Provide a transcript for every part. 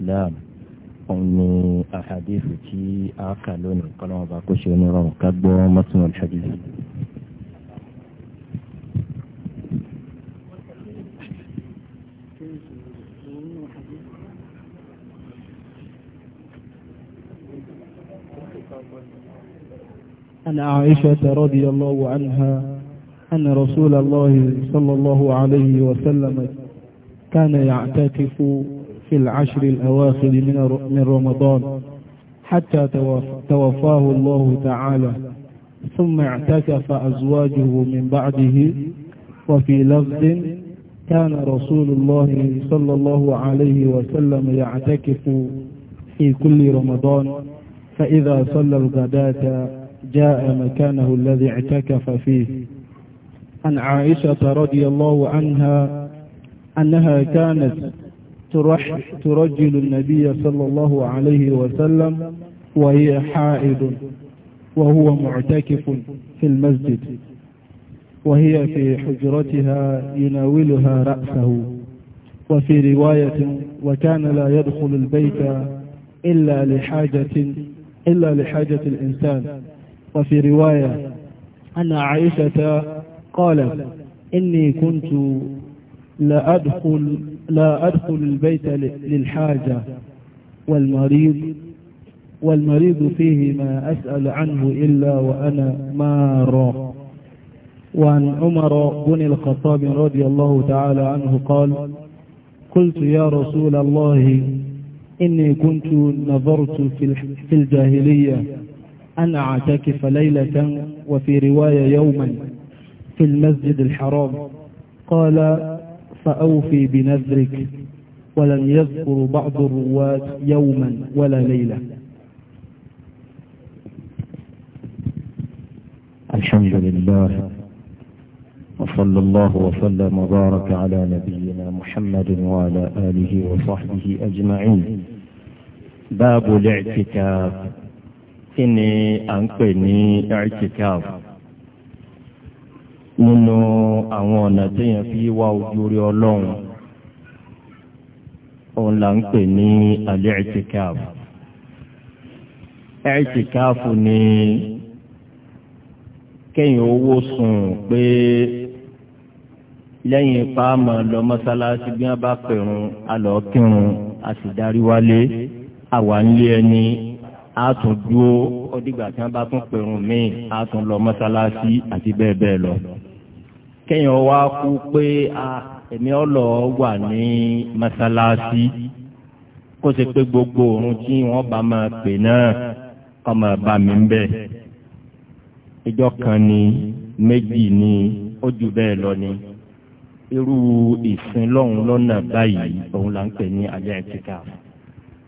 الإسلام أن أحاديث تي أكلون قالوا باكوشي ونرى كبوا متن الحديث عن عائشة رضي الله عنها أن رسول الله صلى الله عليه وسلم كان يعتكف في العشر الأواخر من رمضان حتى توفاه الله تعالى ثم اعتكف أزواجه من بعده وفي لفظ كان رسول الله صلى الله عليه وسلم يعتكف في كل رمضان فإذا صلى الغداة جاء مكانه الذي اعتكف فيه عن عائشة رضي الله عنها أنها كانت ترجل النبي صلى الله عليه وسلم وهي حائض وهو معتكف في المسجد وهي في حجرتها يناولها رأسه وفي رواية وكان لا يدخل البيت إلا لحاجة إلا لحاجة الإنسان وفي رواية أن عائشة قالت إني كنت لا أدخل, لا أدخل البيت للحاجة والمريض والمريض فيه ما أسأل عنه إلا وأنا مار وعن عمر بن الخطاب رضي الله تعالى عنه قال قلت يا رسول الله إني كنت نظرت في الجاهلية أن أعتكف ليلة وفي رواية يوما في المسجد الحرام قال فأوفي بنذرك ولن يذكر بعض الرواة يوما ولا ليلة الحمد لله وصلى الله وسلم وبارك على نبينا محمد وعلى آله وصحبه أجمعين باب الاعتكاف إني أنقني اعتكاف nínú àwọn ọ̀nà téèyàn fi wá ojú rí ọlọ́run òun là ń pè ní al-i'tikafu i'tikafu ni kéèyàn owó sùn pé lẹ́yìn ipá máa lọ mọ́sálásí bí wọ́n bá pẹ̀rùn alọ́ kírun a sì darí wálé àwa ń lé ẹni àtúndúó ọdígbà tí wọ́n bá tún pèrún míì àtúnlọ mọ́sálásí àti bẹ́ẹ̀ bẹ́ẹ̀ lọ. kéèyàn wá kú pé èmi ọlọ wà ní mọ́sálásí kó ṣe pé gbogbo òun tí wọ́n bá máa pè náà ọmọ bá mi ń bẹ̀. ìjọ kan ni méjì ni ó jù bẹ́ẹ̀ lọ ni irú ìsìn lọ́nà báyìí òun là ń pè ní alẹ́ ẹ̀kíkà fún.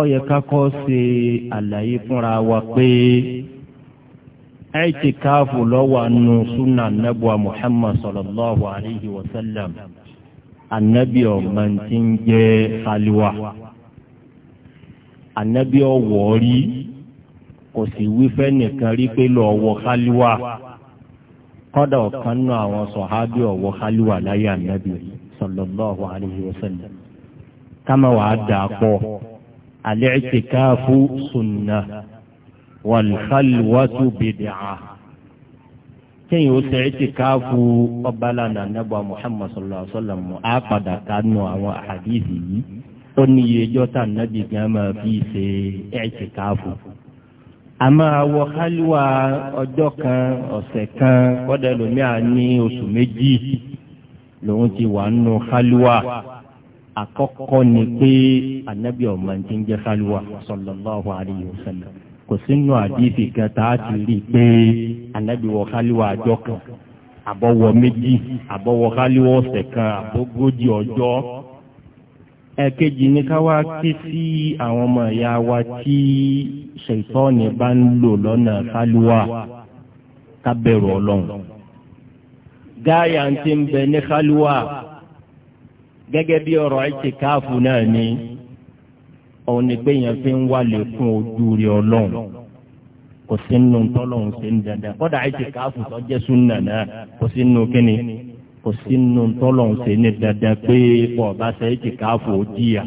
ó yẹ ká kọ́ ṣe àlàyé fúnra wa pé ẹ̀ẹ́tìkáàfù lọ́wọ́ àánú súnà nẹ́bùà Muhammad sallallahu alayhi wa sallam anabi ọ̀gbọ́n ti ń jẹ́ khaliwa anabi ọ̀wọ́ rí kò sì wí fẹ́ nìkan rí pé lọ ọ̀wọ́ khaliwa kọ́dà ọ̀kan náà àwọn sọ̀hábì ọ̀wọ́ khaliwa láyé anabi sallallahu alayhi wa sallam kámẹ́wàá dà pọ̀ al-i'tikafu sunnah wal-khalwatu bid'ah kéyìn ó ṣe ìtìkáàfù ọbalànà nàbà muhammad sallallahu alaihi wa sallam á padà kánú àwọn àhàdìsì yìí ó ní iye jọ́tà nàbì gan máa fi ṣe ìtìkáàfù. àmọ́ àwọ̀ kálíwà ọjọ́ kan ọ̀sẹ̀ kan kọ́dà lómìà ní oṣù méjì lòun ti wà nù kálíwà àkọ́kọ́ ni pé anabi ọmọ ti ń jẹ́ kálíwà sallallahu alayhi wa sallam kò sínú àdìsí kan tá a ti rí i pé anabi wọ kálíwà àjọ kan àbọ̀wọ̀ méjì àbọ̀wọ̀ kálíwà ọ̀sẹ̀ kan àbógójì ọjọ́ ẹ̀kejì ní ká wá ké sí àwọn ọmọ ìyá wa tí ṣètọ́ọ̀nì bá ń lò lọ́nà kálíwà ká ọlọ́run gáyà ń ti ń bẹ ní kálíwà gẹ́gẹ́ bí ọ̀rọ̀ ìtìkáàfù náà ni òun ni pé yẹn fi ń wá lè fún ojú rí ọlọ́run kò sí nù tọ́lọ́run ṣe ń dandan kọ́dà àìsè káfù tó jẹ́ súnà náà kò sí nù kíni kò sí nù tọ́lọ́run ṣe ní dandan pé bọ̀ bá ṣe àìsè káfù ó jìyà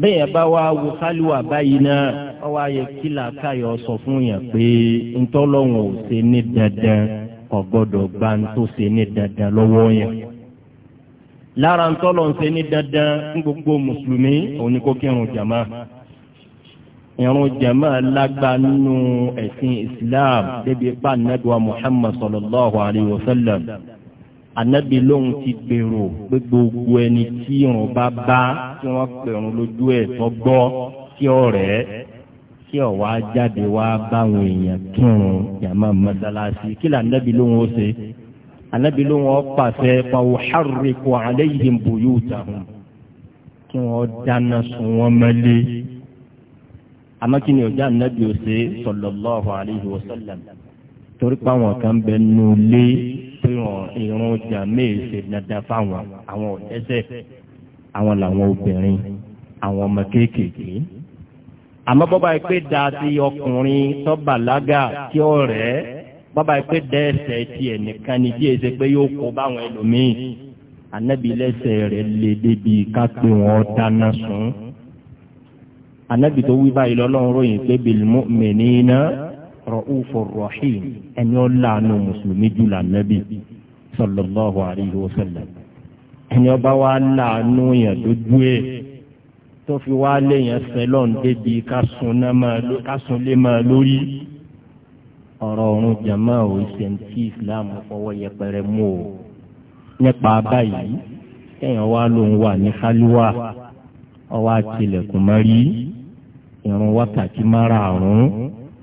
bẹ́ẹ̀ bá wá wo kálíwà báyìí náà wọ́n wá yẹ kí làákàyọ̀ sọ fún yẹn pé ntọ́lọ́run ò ṣe ní dandan kò gbọ́dọ̀ gba ntó ṣe ní dandan lọ́wọ́ yẹn lára ń tọ́lọ̀ ń ṣe ní dandan fún gbogbo mùsùlùmí òun ni kó kírun jàmá irun jàmá ẹ̀sìn islam débi pa anabiwa muhammad sallallahu alayhi wa sallam anabi lóhun ti gbèrò pé gbogbo ẹni tí irun bá bá tí wọ́n pèrún lójú ẹ̀ tó tí ọ̀rẹ́ tí ọ̀wá jáde wá báwọn èèyàn kírun jàmá mọ́sálásí kí làǹdàbí lóhun ó ṣe anabi ló wọn pàṣẹ fàwùhárìkù àlẹyìn buyutahum kí wọn dáná sun wọn mẹlẹ àmọ́ kí ni ọjà anabi ò ṣe sallallahu alayhi wa sallam torí pé àwọn kan bẹ nù lé pé wọn irun jàmé ṣe dandan fáwọn àwọn ọ̀dẹ́sẹ̀ àwọn làwọn obìnrin àwọn ọmọ kéékèèké àmọ́ bọ́ba yìí ọkùnrin tó tí ó rẹ̀ ẹ́ bàbá yìí pé dẹ́sẹ̀ tiẹ̀ nìkan ni díẹ̀ ṣe pé yóò kó báwọn ẹlòmíì anabi lẹ́sẹ̀ rẹ̀ lè débi ká pé wọ́n dáná sun anabi tó wí báyìí lọ́lọ́run ròyìn pé bil mu'minina ra'ufur rahim ẹni ó láàánú mùsùlùmí jù lànàbì sallallahu alayhi wa sallam ẹni ọba wa láàánú yẹn dójú ẹ tó fi wá léyìn ẹsẹ lọ́n débi ká lé máa lórí ọ̀rọ̀ ọ̀run jama ò ṣe ń tí islam fọwọ́ yẹpẹrẹ mú o nípa báyìí kéèyàn wá ló ń wà ní kálíwà ọwọ́ àtìlẹ̀kùn mọ́rí ìrun wákàtí márààrún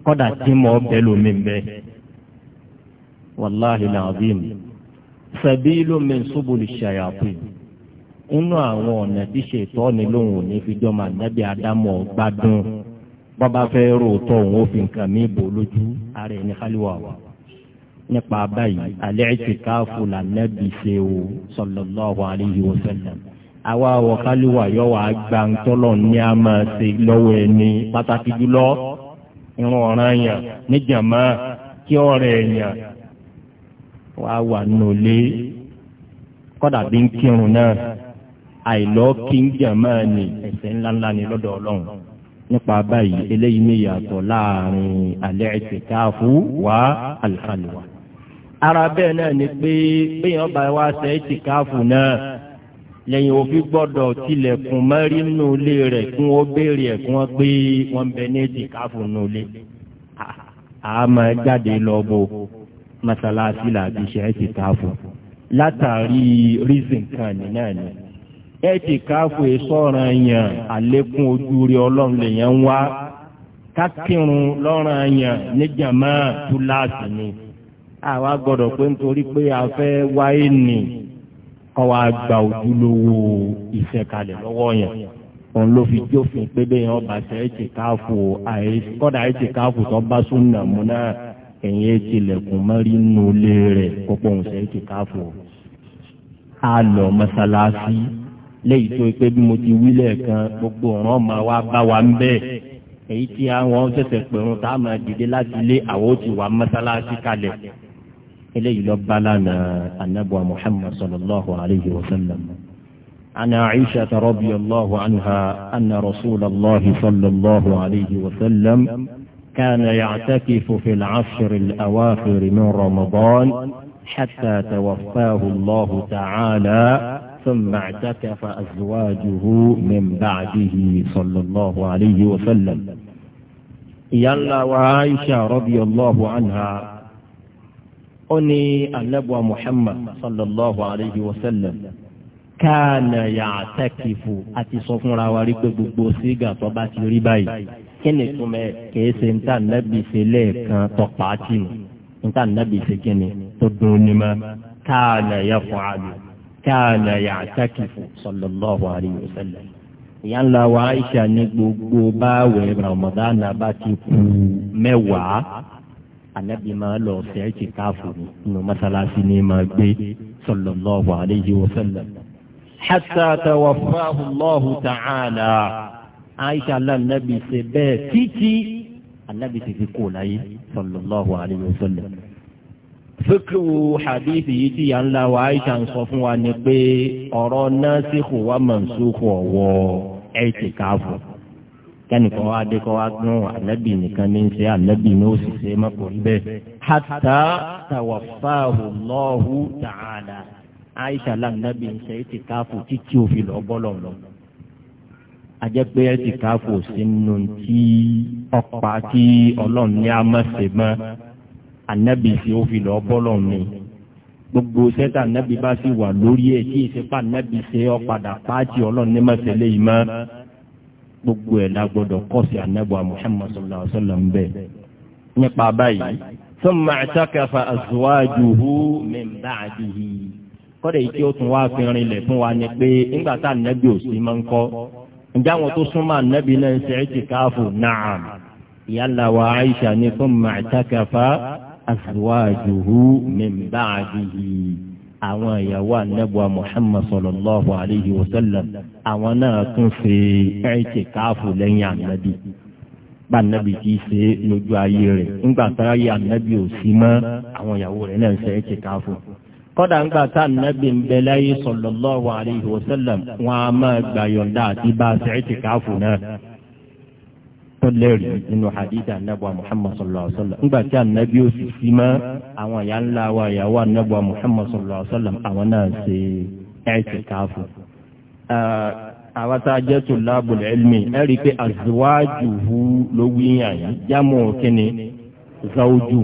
kọ́dà tí mo bẹ́ lómi bẹ́ẹ̀ wàláhi làbím sabilu min subuli shayatin inú àwọn ọ̀nà tí ṣètọ́ ni lóhùn ní fi jọ́ màdábí adámọ̀ gbádùn bọ́ba fẹ́ ròótọ́ òun ó fi nǹkan mí bò lójú ara ẹni káliwà wa nípa báyìí al-i'tikafu lànàbì ṣe o sallallahu alayhi wa sallam àwa wọ káliwà yọ wà gbàǹtọ́lọ̀ ní a máa ṣe lọ́wọ́ ẹni pàtàkì jùlọ irun ọ̀ràn yàn níjàmá kí ọ̀rẹ́ yàn wàá wà nùlé kọ́dà bí ń kírun náà àìlọ́ kí ń jàmá ni ẹ̀ṣẹ̀ ńláńlá ni lọ́dọ̀ ọlọ́run nípa báyìí eléyìí ní yàtọ̀ láàrin al-i'tikafu wa al-khalwa. ara bẹ́ẹ̀ náà ni pé bíyàn bá wá ṣe i'tikafu náà lẹ́yìn òfin gbọ́dọ̀ tilẹ̀kùn mẹ́rí nù ilé rẹ̀ kí wọ́n béèrè ẹ̀ kí wọ́n pé wọ́n bẹ ní i'tikafu nù ilé. àmọ́ jáde lọ bo masalasi làbí ṣe i'tikafu látàrí reason kan ní náà ni ẹ̀tìkáfù sọ̀ràn yẹn àlékún ojú rí ọlọ́run lèyẹn ń wá kákìrún lọ́ràn yẹn níjàmá túláàsì ni àwa gbọ́dọ̀ pé nítorí pé a fẹ́ wáyé nì kọ́ wa gba ojúlówó ìṣẹ̀kalẹ̀ lọ́wọ́ yẹn òun ló fi jófin pé bẹ́ẹ̀ yẹn ọba ṣe ẹ̀tìkáfù kọ́dà ẹ̀tìkáfù tó bá súnà mú náà ẹ̀yìn ẹ̀tìlẹ̀kùn mẹ́rin nulẹ̀ rẹ̀ kókó òun ṣe ẹ̀tìkáfù a lọ mọ́sálásí léyìí tó pé bí mo ti wí lẹ́ẹ̀kan gbogbo ọ̀ràn máa wá bá wa ń bẹ́ẹ̀ èyí tí àwọn ṣẹ̀ṣẹ̀ pẹ̀rùn tá a máa dìde láti lé àwọn ó ti wà mọ́sálásí kalẹ̀ eléyìí lọ bá lánàá anábọ̀ muhammad sallallahu alayhi wa sallam. عن عائشة رضي الله عنها أن رسول الله صلى الله عليه وسلم كان يعتكف في العشر الأواخر من رمضان حتى توفاه الله تعالى ثم اعتكف أزواجه من بعده صلى الله عليه وسلم يلا وعائشة رضي الله عنها أني النبوة محمد صلى الله عليه وسلم كان يعتكف أتصفنا راواري gbogbo sígà tó bá ti rí báyìí kí ni túmẹ̀ ṣe ń tọpa tì ní ń ṣe kí tó dùn ní ma káàna yẹ fún àlù káànà yàtàkìfù sallallahu alayhi wa sallam. ìyá ńlá wa Aisha ní gbogbo báwẹ̀ Ramadan bá ti kù mẹ́wàá anabi máa lọ fẹ́ ti káfù nínú masalasi ní máa gbé sallallahu alayhi wa sallam. hatta tawaffahu Allahu ta'ala Aisha lànàbì ṣe bẹ́ẹ̀ títí anabi ti fi kó láyé sallallahu alayhi fíkìwò hadithi yìí tí yàn la wa aisha ń sọ fún wa ni pé ọ̀rọ̀ nasikhu wa mansukhu ọ̀wọ́ ẹ̀ẹ́tìkáfù kẹ́nìkan wá dé kọ́ wá gbọ́n ànábì nìkan ní í ṣe ànábì ní ó sì ṣe é mọ́kòrí bẹ́ẹ̀. hatta tawaffahu Allahu ta'ala aisha lànàbì ń ṣe ẹ̀ẹ́tìkáfù títí òfin lọ́ bọ́lọ̀ lọ. ajẹ́pẹ́ ẹ̀ẹ́tìkáfù sínú tí ọ̀pá tí ọlọ́run ní a má ṣe mọ́ anabi sí ó fi lọ bọ́lọ̀ mi gbogbo sẹ́tà anabi bá sì wà lórí ẹ̀ tí ìsepá anabi ṣe ọ́ padà pàtì ọlọ́run ní mọ̀sẹ̀lẹ̀ yìí mọ́ gbogbo ẹ̀ la gbọ́dọ̀ kọ́sì anabi muhammad sallallahu alayhi wa sallam bẹ́ẹ̀ nípa báyìí thumma i'takafa azwajuhu min ba'dihi kọ́dẹ̀ yìí tí ó tún wá fi rinlẹ̀ fún wa ni pé ńgbà tá ànábì ò sí máa ń kọ́ ǹjẹ́ àwọn tó súnmọ́ ànábì náà ń ṣe ti káàfù náà ìyá làwọn Aisha ní fún màtákàfà azuwaajuhu min ba'dihi àwọn ìyàwó anabuwa muhammad sallallahu alayhi wa sallam àwọn náà tún ṣe ẹ̀ẹ́tìkáàfù lẹ́yìn anabi bá anabi ti ṣe lójú ayé rẹ̀ ńgbà tára yẹ anabi ò sí mọ́ àwọn ìyàwó rẹ̀ náà ń ṣe ẹ̀ẹ́tìkáàfù kọ́dà ń tá ànábì ń bẹ láyé sallallahu alayhi wa sallam wọn a máa gbàyọ̀ǹda àti bá a ṣe ẹ̀ẹ́tìkáàfù náà tó lẹ́rìí nínú hadith anabu muhammad sallallahu alaihi wa sallam ńgbà tí anabi ó sì fi mọ́ àwọn ìyá ńlá wa ìyàwó anabu muhammad sallallahu alaihi wa sallam àwọn náà ṣe ẹ̀ẹ́tì káfù. àwọn tá a jẹ́ tó láàbù ẹ̀lmì ẹ̀ rí i pé azwajuhu ló wí yàn yín kínní zawju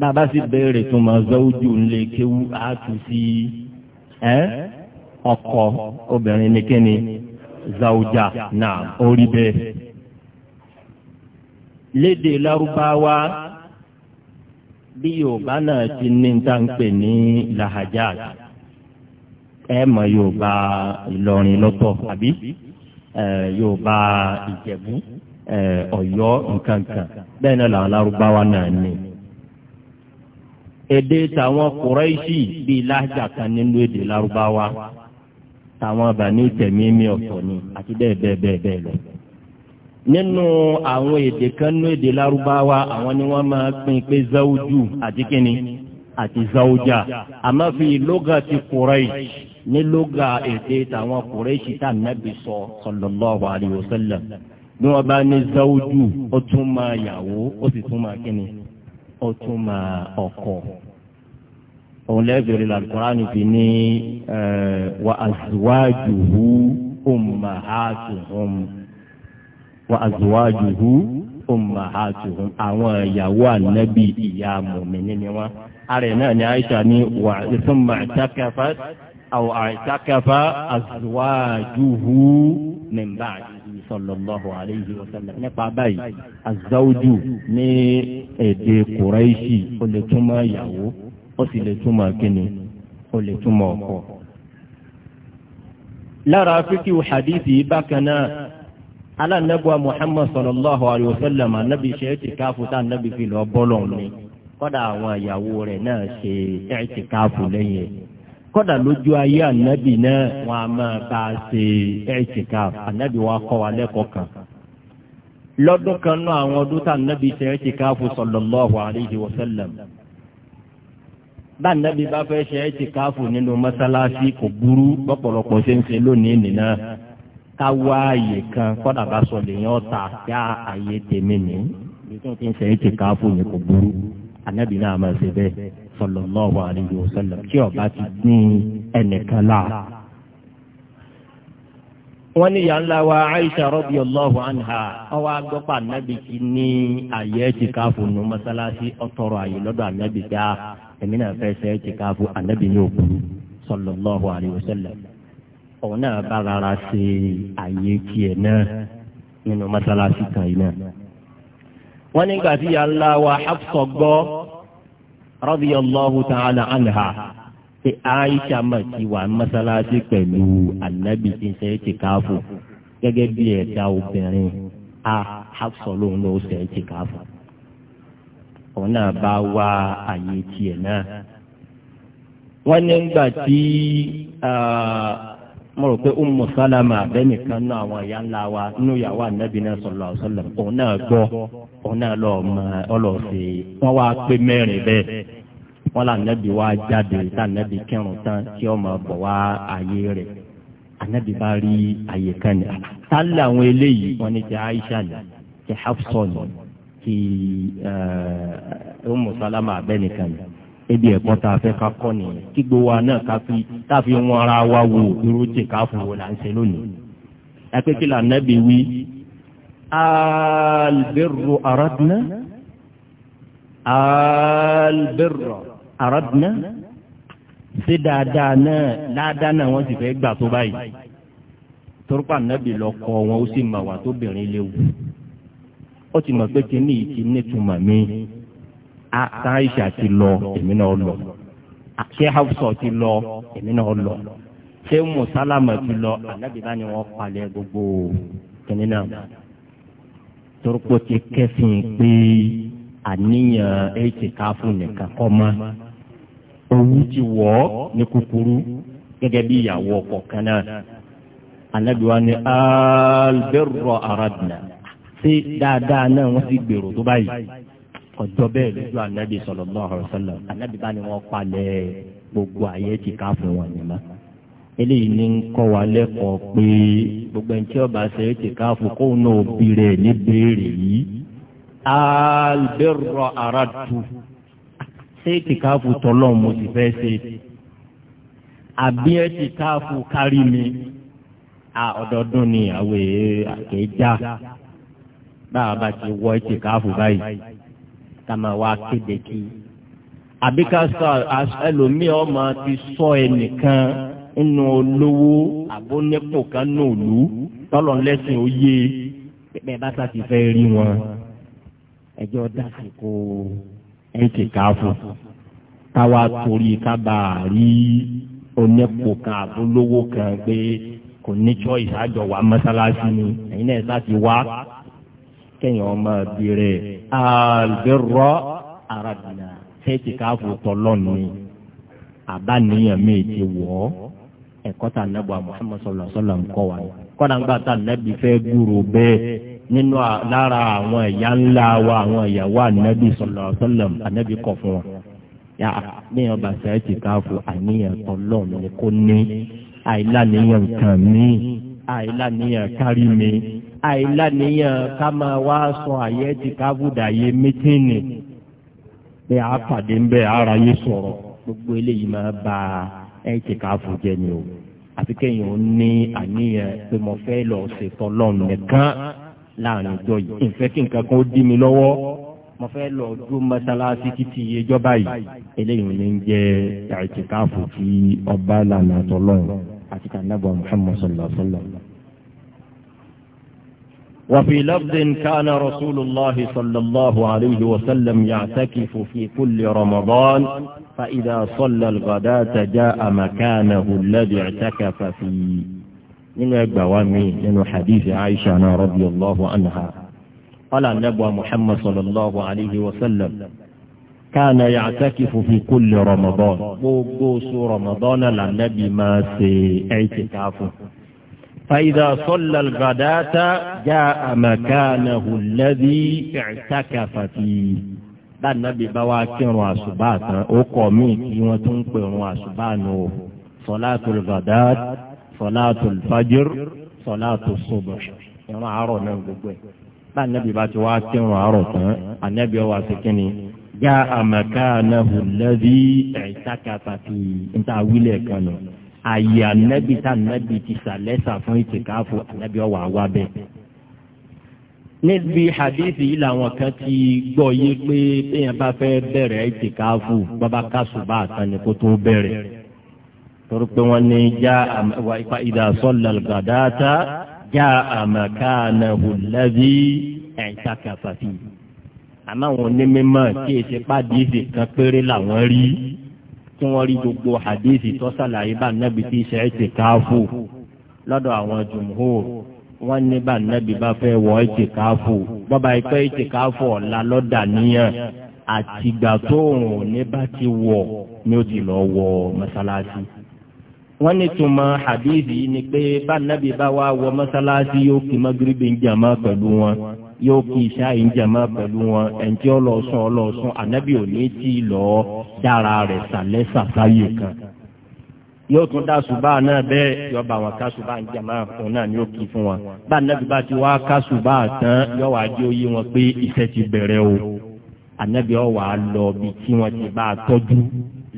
bàbá sì béèrè tó máa zawju ńlẹ̀ kéwú àtú sí ọkọ obìnrin ní kínní zawja náà ó rí bẹ́ẹ̀ lédè lárúbáwá bí yorùbá náà ti ní ta ní lahajat ẹ mọ̀ yorùbá ìlọrin lọ́tọ̀ àbí yorùbá ìjẹ̀bú ọ̀yọ́ nkankan bẹ́ẹ̀ náà làwọn lárúbáwá náà ní. èdè tàwọn kùrẹ́ṣì bíi lájà kan nínú èdè lárúbáwá tàwọn bàní tẹ̀mí mi ọ̀tọ̀ ni àti bẹ́ẹ̀ bẹ́ẹ̀ bẹ́ẹ̀ bẹ́ẹ̀ lọ nínú àwọn èdè kan nínú èdè lárúbáwá àwọn ni wọ́n máa pín pé zawuju àti kínní àti zawuja àmọ́ fi lóga ti kùrẹ́ẹ̀jì ní lóga èdè tàwọn kùrẹ́ẹ̀jì tá nàbì sọ sallallahu alayhi wa sallam bí wọ́n bá ní zawuju ó tún máa yàwó ó sì tún máa kínní ó tún máa ọkọ òun lẹ́bẹ̀rẹ̀ làkùránì fi ní wa azwajuhu ummahatuhum wa azwajuhu ummahatuhum àwọn ìyàwó ànábì ìyá mùmíní ni wọn. ààrẹ náà ni aisha ní wà thumma i'takafa aw i'takafa azwajuhu min ba'dihi sallallahu alayhi wa sallam. nípa báyìí azawju ní èdè kùrẹ́ṣì ó lè túmọ̀ ìyàwó ó sì lè túmọ̀ kíni ó lè túmọ̀ ọkọ. lára fíkì hadithi bákan náà alánàgbà muhammad sallallahu alayhi wa sallam anabi ṣe é ti káfù tá anabi fi lọ bọ́lọ̀ ni kọ́dà àwọn ìyàwó rẹ̀ náà ṣe é ti káfù lẹ́yìn kọ́dà lójú ayé anabi náà wọn a máa bá a ṣe é ti káfù anabi wa kọ́ wa lẹ́kọ̀ọ́ kan lọ́dún kan náà àwọn ọdún tá anabi ṣe é sallallahu alayhi wa sallam bá nàbí bá fẹ́ ṣe é nínú mọ́sálásí kò burú bọ́pọ̀lọpọ̀ ṣe ń ṣe lónìí nìyẹn ká wá àyè kan kọ́dà bá sọ lèyìn ọ̀tà yá ah, àyè tèmi mi bí tó ti ń ṣe é ti ká fún mi kò burú ànábì náà máa ṣe bẹ́ẹ̀ sallallahu alayhi wa sallam tí ọba ti ní ẹnìkan láà. wọ́n ní ìyá ńlá wa Aisha radiyallahu anha ọwọ́ agbọ́pọ̀ ànábì ti ní àyè ti ká fún mọ́sálásí ọ̀tọ̀rọ̀ àyè lọ́dọ̀ ànábì dá ah, èmi náà fẹ́ ṣe é ti ká fún ní òkú sallallahu alayhi wa sallam òun náà bá rárá ṣe àyè tiẹ̀ náà nínú mọ́sálásí kan yìí náà. wọ́n nígbà tí yàrá wa Hafsa gbọ́ radiyallahu ta'ala anha pé Aisha mọ̀ sí wa mọ́sálásí pẹ̀lú anabi tí ń ṣe ti káfù gẹ́gẹ́ bí ẹ̀dá obìnrin a Hafsa lòun ló ṣe é ti káfù. òun náà bá wá àyè tiẹ̀ náà. wọ́n nígbà tí. Ah, mo rò pé umu salama abẹnikan náà àwọn ìyá ńlá wa nínú ìyàwó anabi náà sọlọ ọsọlọ òun náà gbọ́ òun náà lọ mọ ọlọsẹ wọn wá pé mẹ́rin bẹ́ẹ̀ wọn là anabi wá jáde tá anabi kírun tán tí ọmọ bọ wá ààyè rẹ̀ anabi bá rí ààyè kan ní. tá làwọn eléyìí wọn ní ti aisha ni ti hafsọ ni ti eh, umu salama abẹnikan ni ebi ẹ̀kọ́ tá a fẹ́ ká kọ́ nìyẹn kí gbogbo wa ká fi tá a fi wọn ara wa wo irú tí ká fún wọn là ń ṣe lónìí. ẹgbẹ́ kí lànàbí wí albirru aradna albirru aradna ṣé dáadáa náà dáadáa náà wọ́n sì fẹ́ gbà tó báyìí torípa nàbì lọkọ wọn ó sì mà wà tóbìnrin léwu ó ti mọ̀ pé kíní yìí ti nítumọ̀ mi táyìṣà ti lọ èmi náà lọ ṣé hafsọ ti lọ èmi náà lọ ṣé mùsálàmà ti lọ ànábìbá ni wọn palẹ̀ gbogbo kìnìún náà torókò ti kẹsìn pé àníyàn èyí ká fún nìkan kọ́ mọ́ owó ti wọ̀ ní kúkúrú gẹ́gẹ́ bí ìyàwó ọkọ̀ kan náà ànábìwá ni albẹ́rọ̀ arabina ṣé dáadáa náà wọ́n ti gbèrò tó báyìí kọjọ bẹ́ẹ̀ lójú anabi sallallahu alaihi wasallam anabi bá ní wọn palẹ̀ gbogbo ayé ti ká fún wọn nìmọ eléyìí ní kọ́ wa lẹ́kọ̀ọ́ pé gbogbo ẹni ọba ṣe é ti ká fún kóun náà bí rẹ̀ ní béèrè yìí albirra aratu ṣé ti ká fún tọ́lọ́ mo ti fẹ́ ṣe àbí ẹ ti ká fún kárí mi ọdọọdún ni àwọn èèyàn àkèéjá bá a bá ti wọ ẹ ti ká fún báyìí kàmá wa kéde kí àbí ká sọ ẹlòmíì ọmọ ti sọ ẹnìkan nínú olówó àbónípò kan nùlù tọ́lọ̀ lẹ́sìn oyè bẹ́ẹ̀ bá sá ti fẹ́ rí wọn ẹjọ́ dásìkò ẹ̀ǹtì káfọ́ káwa torí kábà rí onípò kan àbólówó kan pé kò ní choice àjọ wa mọ́sálásí ni ẹ̀yin náà sá ti wá kéèyàn máa bèrè àlùbẹ́rọ arábìnà ṣéèkì káfù tọ́lọ́nù àbáníyàn mi ti wọ̀ ọ́ ẹ̀kọ́ tà nẹ́bù Muhammad sọlọ sọlọ ńkọ́ wa kọ́dà ń gbà tà nẹ́bì fẹ́ gbúrò bẹ́ẹ̀ nínú lára àwọn ẹ̀yà ńlá wa àwọn ìyàwó ànẹ́bì sọlọ sọlọ ànẹ́bì kọ̀ fún wa yà níyàn bá ṣéèkì káfù àníyàn tọ́lọ́nù kò ní àìláníyàn kàn mí àìláníyàn kárí mi àìláníyàn ká máa wá sọ àyè ti kábùdà yé mítínì pé a pàdé ń bẹ ara yé sọ̀rọ̀ gbogbo eléyìí máa ba ẹ̀ ti káfù jẹ́ ni o àfi kéèyàn ó ní àníyàn pé mo fẹ́ lọ ṣètò ọlọ́run nìkan láàrin ìjọ yìí ìfẹ́ kí nǹkan kan ó dí mi lọ́wọ́ mo fẹ́ lọ dúró mọ́sálásí títí ìjọba yìí eléyìí ní ń jẹ́ àìtìkáfù tí ọba lànà àtọ́lọ́run àti kànáàbọ̀ Muhammad sallallahu alaihi wa sallam. وفي لفظ كان رسول الله صلى الله عليه وسلم يعتكف في كل رمضان فإذا صلى الغداة جاء مكانه الذي اعتكف فيه من أجبوامي من حديث عائشة رضي الله عنها قال النبوى محمد صلى الله عليه وسلم كان يعتكف في كل رمضان بوسو رمضان لنبي ما سيعتكافه فإذا صلى الغداة جاء مكانه الذي اعتكف فيه bá nàbí bá wá kírun àṣùbà tán ó kọ míì kí wọn tún ń pèrun àṣùbà nù o sọláàtò gàdá sọláàtò fàjọr sọláàtò sọbọ ìran àárọ̀ náà gbogbo ẹ bá nàbí bá ti wá kírun àárọ̀ tán ànábì ọwọ àṣekínni já àmàkà náà hùlẹ́bí ẹ̀ẹ́dàkàtàkì níta wílẹ̀ kan nù àyè ànábì tá ànábì ti sàlẹ́sà fún ìtìkáfù ànábì ọ̀wà wa bẹ́ẹ̀. níbi hadithi yìí làwọn kan ti gbọ́ yé pé bẹ́ẹ̀ bá fẹ́ bẹ̀rẹ̀ ìtìkáfù bàbá kásùbà àtàn ni kó tó bẹ̀rẹ̀ torí pé wọ́n ní já àmọ́ ipa ìdásọ́lá gàdáta já àmọ́ káàna hùlẹ́bí ẹ̀ǹtà kàfàfì. àmọ́ àwọn onímọ̀ tí èsì pàdé ìsìn kan péré làwọn rí tí wọ́n rí gbogbo hadithi tó ṣàlàyé bá nábì tí ṣe é ti káfù lọ́dọ̀ àwọn jùmùhùr wọ́n ní bá nábì bá fẹ́ wọ́ é ti káfù bọ́ba ìpẹ́ é ti káfù ọ̀la lọ́dà níyàn àtìgbà tó òun ní bá ti wọ̀ ni ó ti lọ wọ mọ́sálásí. wọ́n ní túmọ̀ hadithi ni pé bá nábì bá wá wọ mọ́sálásí yóò kí magribi ń jàmá pẹ̀lú wọn yóò kí iṣẹ́ àyíjàmá pẹ̀lú wọn ẹ̀ǹtí ọlọ́sùn ọlọ́sùn ànábì ò ní tí lọ dára rẹ̀ sàlẹ̀ sàkáyè kan. yóò tún dá ṣùbá náà bẹ́ẹ̀ yọ bá wọn ká ṣùbá àyíjàmá òun náà ni ó kí fún wọn. bá ànábì bá ti wá ká ṣùbá tán yọ wá jẹ́ oyé wọn pé iṣẹ́ ti bẹ̀rẹ̀ o. ànábì ọ̀ wá lọ bí tí wọ́n ti bá a tọ́jú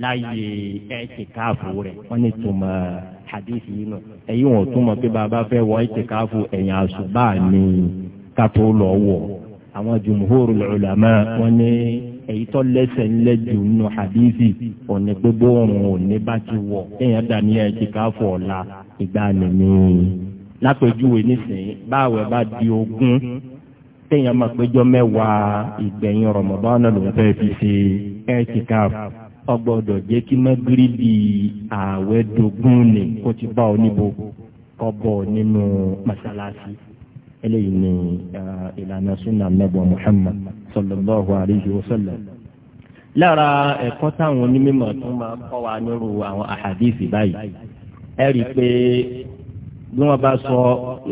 láyé ẹ̀ẹ́tì káàfù rẹ̀ wọ́n ní hadithi yìí nù ẹ̀yìn wọn tún mọ̀ ni kátó lọ wọ̀ àwọn jumhuru ulama wọn ní èyí tó lẹ́sẹ̀ ńlẹ̀ jù nù hadithi òní gbogbo òrùn òní bá ti wọ̀ kéèyàn dàní ẹ̀ ti ká fọ̀ ọ̀la ìgbà nìyí lápèjúwe nísìnyí báwẹ̀ bá di ogún téèyàn máa péjọ mẹ́wàá ìgbẹ̀yìn ló ń fẹ́ fi ṣe ẹ̀ẹ́tìkáf ọgbọ́dọ̀ jẹ́ kí mẹ́gíríbì ààwẹ̀ dogun ni kó ti bá ọ níbo nínú mọ́sálásí eléyìí ni eh, ìlànà sunna nebà muhammad sallallahu alayhi wa sallam. lára ẹ̀kọ́ táwọn onímọ̀ tó máa kọ́ wa nírú àwọn àhàdíìsì báyìí ẹ rí i pé bí wọ́n bá sọ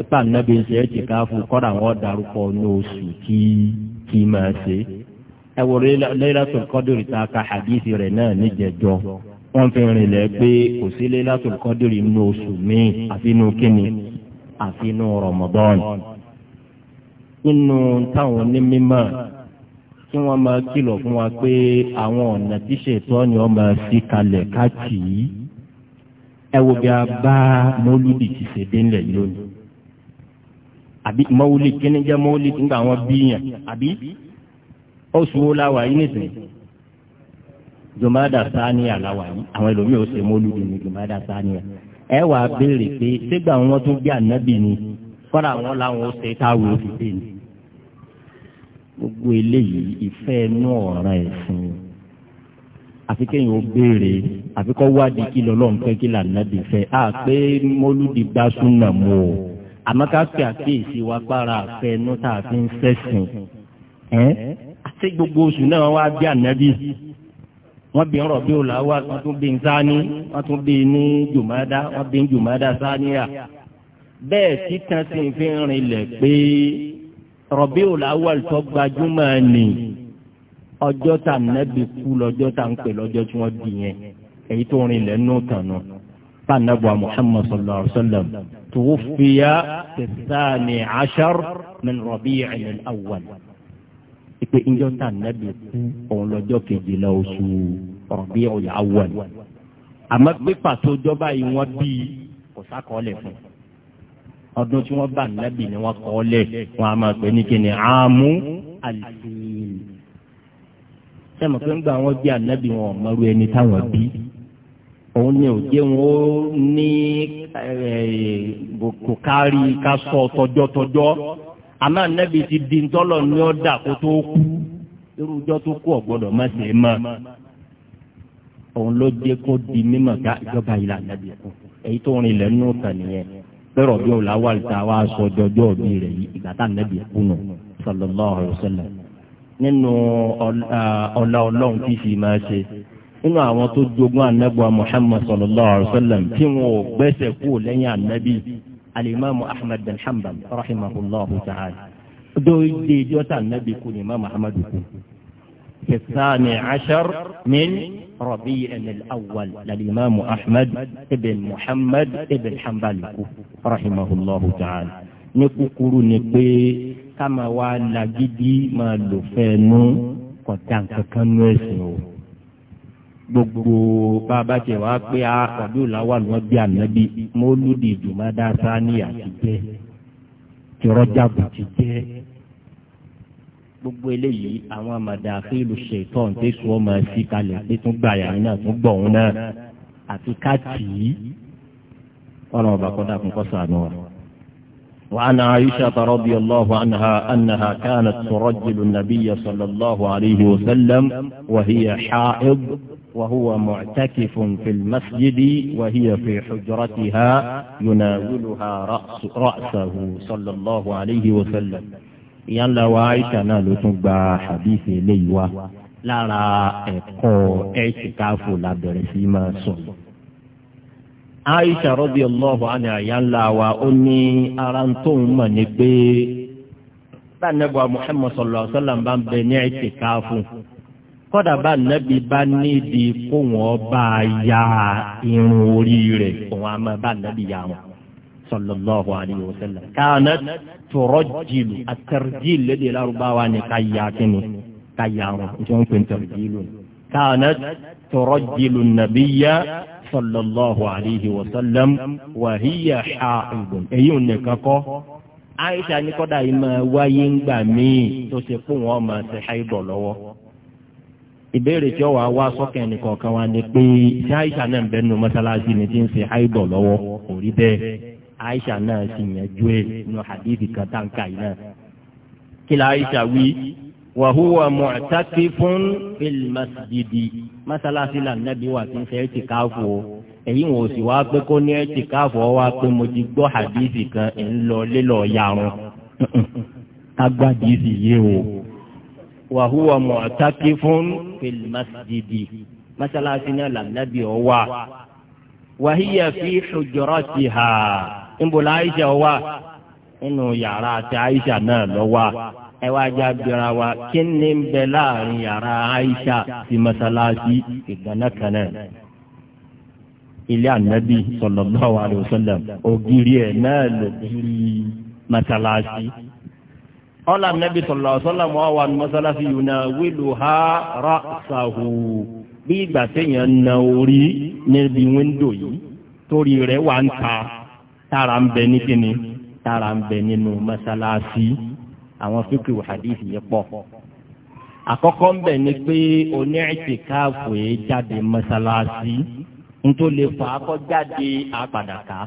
ipa nàbí ṣe é ti káfù kọ́ra wọn darúkọ ní oṣù tí kì í máa ṣe. ẹ wò Laylatul Qadri ta ka hadithi rẹ̀ náà níjẹ̀jọ́ wọ́n fi rìnlẹ̀ pé kò sí Laylatul Qadri ní oṣù míì àfinú kíni àfinú Ramadan nínú táwọn onímọ̀ tí wọ́n máa kìlọ̀ fún wa pé àwọn ọ̀nà tí ṣètò ọ̀nì ọmọ sí kalẹ̀ káàkì yìí ẹ wo bí a bá mọ́lúdì ti ṣe délẹ̀ lónìí àbí mọ́wúlì kí ni jẹ́ mọ́wúlì tí ń gbà wọ́n bíyàn àbí oṣù wo láwà yìí nìsín jùmọ́dà sáníyà láwà yìí àwọn ẹlòmíì ò ṣe mọ́lúdì ní jùmọ́dà sáníyà ẹ wàá béèrè pé ṣégbà wọn tún gbé ànábì ni fọ́nà àwọn làwọn ó ṣe táwọn gbogbo eléyìí ìfẹ́ inú ọ̀ràn ẹ̀sìn àfi kéèyàn ó béèrè àfi kọ́ wádìí kí lọ́lọ́run fẹ́ kí lànàbì fẹ́ á pé mọ́lúdi bá súnà mọ́ o àmọ́ ká pè àkíyèsí wa gbára àfẹ́ inú tá a fi ń sẹ́sìn ẹ́ àti gbogbo oṣù náà wá bí ànábì wọ́n bí ọ̀rọ̀ bí òlà wá wọ́n tún bí ń sáání wọ́n tún bí ní jùmọ́dá wọ́n bí ń jùmọ́dá sáání à bẹ́ẹ̀ títan sì ń rinlẹ̀ pé. Rabiul Awwal tó gbajúmọ̀ ni ọjọ́ tà nẹ́bi kú lọ́jọ́ tà ń pè lọ́jọ́ tí wọ́n di yẹn èyí tó rin ilẹ̀ nù tànù fanabuwa Muhammad sallallahu alaihi wa sallam tuwufiya tẹsáni ashar min Rabi'il Awwal ìpè ìjọ́ tà nẹ́bi kú òun lọ́jọ́ kejìlá oṣù Rabi'il Awwal àmọ́ pípa tó jọba yìí wọ́n bí kò sákọọ́lẹ̀ fún un ọdún tí wọ́n bá nàbì ni wọ́n kọ́ lẹ̀ wọ́n á máa pè ní kíni àmú àlùfíìl. sẹ́mi pé ńgbà wọn bí ànábì wọn ọ̀mọ́rú ẹni táwọn bí òun ni òjé wọn ó ní kò kárí ká sọ tọjọ́tọjọ́ àmọ́ ànábì ti di ńtọ́lọ̀ ní ọ̀dà kó tó kú irú ọjọ́ tó kú ọ̀gbọ́dọ̀ má ṣe é mọ́ òun ló jẹ́ kó di mímọ̀ ká ìjọba ìlànà bí èyí tó rìn lẹ́nu tàn nìyẹn pẹ̀rọ bí ọ̀la wà lùtà wà sọ jọjọ́ bí rẹ̀ yìí ìgbà tá nàbì kùnà sallallahu alaihi wasallam nínú ọ̀la ọlọ́run tí fi máa ṣe nínú àwọn tó jogún anábọ̀ Muhammad sallallahu alaihi tí wọn ò gbẹ́sẹ̀ kú lẹ́yìn anábì alimami Ahmad bin Hanbal rahimahullahu ta'ala dóò dé ìjọ́ta anábì kù imam Ahmad kù kẹsàn-án ni ashar min. ربيع الأول للإمام أحمد بن محمد بن حنبل رحمه الله تعالى نكوكورو نكوي كما ولا جدي ما لفنو قدام كنوسو gbogbo bàbá tẹ wá pé a ọdún làwọn àwọn bí ànábì mọ́lúdì jùmọ́dá sáníyà ti jẹ́ tìrọ́jà bù ti jẹ́ gbogbo eléyìí àwọn àmàdàfẹ́ ìlú ṣètọ́n tó sùn ọmọ ẹsìn kalẹ̀ pé tún gbà yàrá náà tó gbọ̀ ọ̀hún náà àti ká tì í ọba kọ́ dàkún kọ́ sànù wa. وعن عائشة رضي الله عنها أنها كانت ترجل النبي صلى الله عليه وسلم وهي حائض وهو معتكف في المسجد وهي في حجرتها يناولها رأس رأسه صلى الله عليه وسلم ìyá ńlá wa aisha náà ló tún gba hadith eléyìí wa lára ẹ̀kọ́ ẹ̀ṣìkáfò lábẹ̀rẹ̀ sí máa sùn. aisha radiyallahu anha ìyá ńlá wa ó ní ara ń tóun mọ̀ ní pé bá nẹ́bùa muhammad sallallahu alaihi wasallam bá ń bẹ ní ẹ̀ṣìkáfò kọ́dà bá nẹ́bí bá nídìí kó wọ́n bá ya irun orí rẹ̀ òun á máa bá nẹ́bí ya wọn sallallahu alayhi wa sallam kaana tọrọjilu atẹrijilu lédè Lárúbáwá ni ka yaa kini ka yaa wọn n tí wọn pèntẹ tọrọjilu kaana tọrọjilu nabiya sallallahu alayhi wa sallam wahiya xaacidun èyí ò ní kakọ aisha ní kọ́dà yìí máa wáyé ńgbà míì tó ṣe fún wọn máa ṣe ṣáìbọ̀ ìbéèrè tí ó wà wá sọ́kẹ̀ nìkan kan wá ní pé ṣé náà ń bẹ́ẹ̀ mọ́ṣáláṣí ni tí ń ṣe ṣáìbọ̀ lọ́wọ́ kò rí bẹ́ẹ̀ aisha náà sì yanjú ẹ nínú hadith kan tá n kà yìí náà kí la aisha wí wa huwa mu'takifun fil masjidi masalasi la nabi wa ti ń ṣe ẹtìkáfù o èyí wọn ò sì wá pé kó ní ẹtìkáfù ọ wá pé mo ti gbọ́ hadith kan ń lọ lélọ yarun agbádìsí yé o wa huwa mu'takifun fil masjidi masalasi náà la nabi ọ wa hiya fi hujratiha níbo la Aisha wà nínú yàrá àti Aisha náà lọ wà ẹ wá já gbéra wa kí ni ń bẹ láàrin yàrá Aisha sí masalasi ìgànnàkànnà ilé ànábì sallallahu alaihi wasallam ògiri ẹ náà lògiri masalasi ọlọ ànábì sallallahu alaihi wasallam wọn wà ní masalasi yìí náà wílù ha ra sahu bí ìgbà téèyàn na orí níbi wíńdò yìí torí rẹ̀ wà ń ta tára ń bẹ ní kíni tára ń bẹ nínú mọ́sálásí àwọn fíkì hadith yìí pọ̀. àkọ́kọ́ ń bẹ ni pé oní ìtìkáàfù yìí jáde mọ́sálásí nítorí lè fà á kọ́ jáde àpàdàkà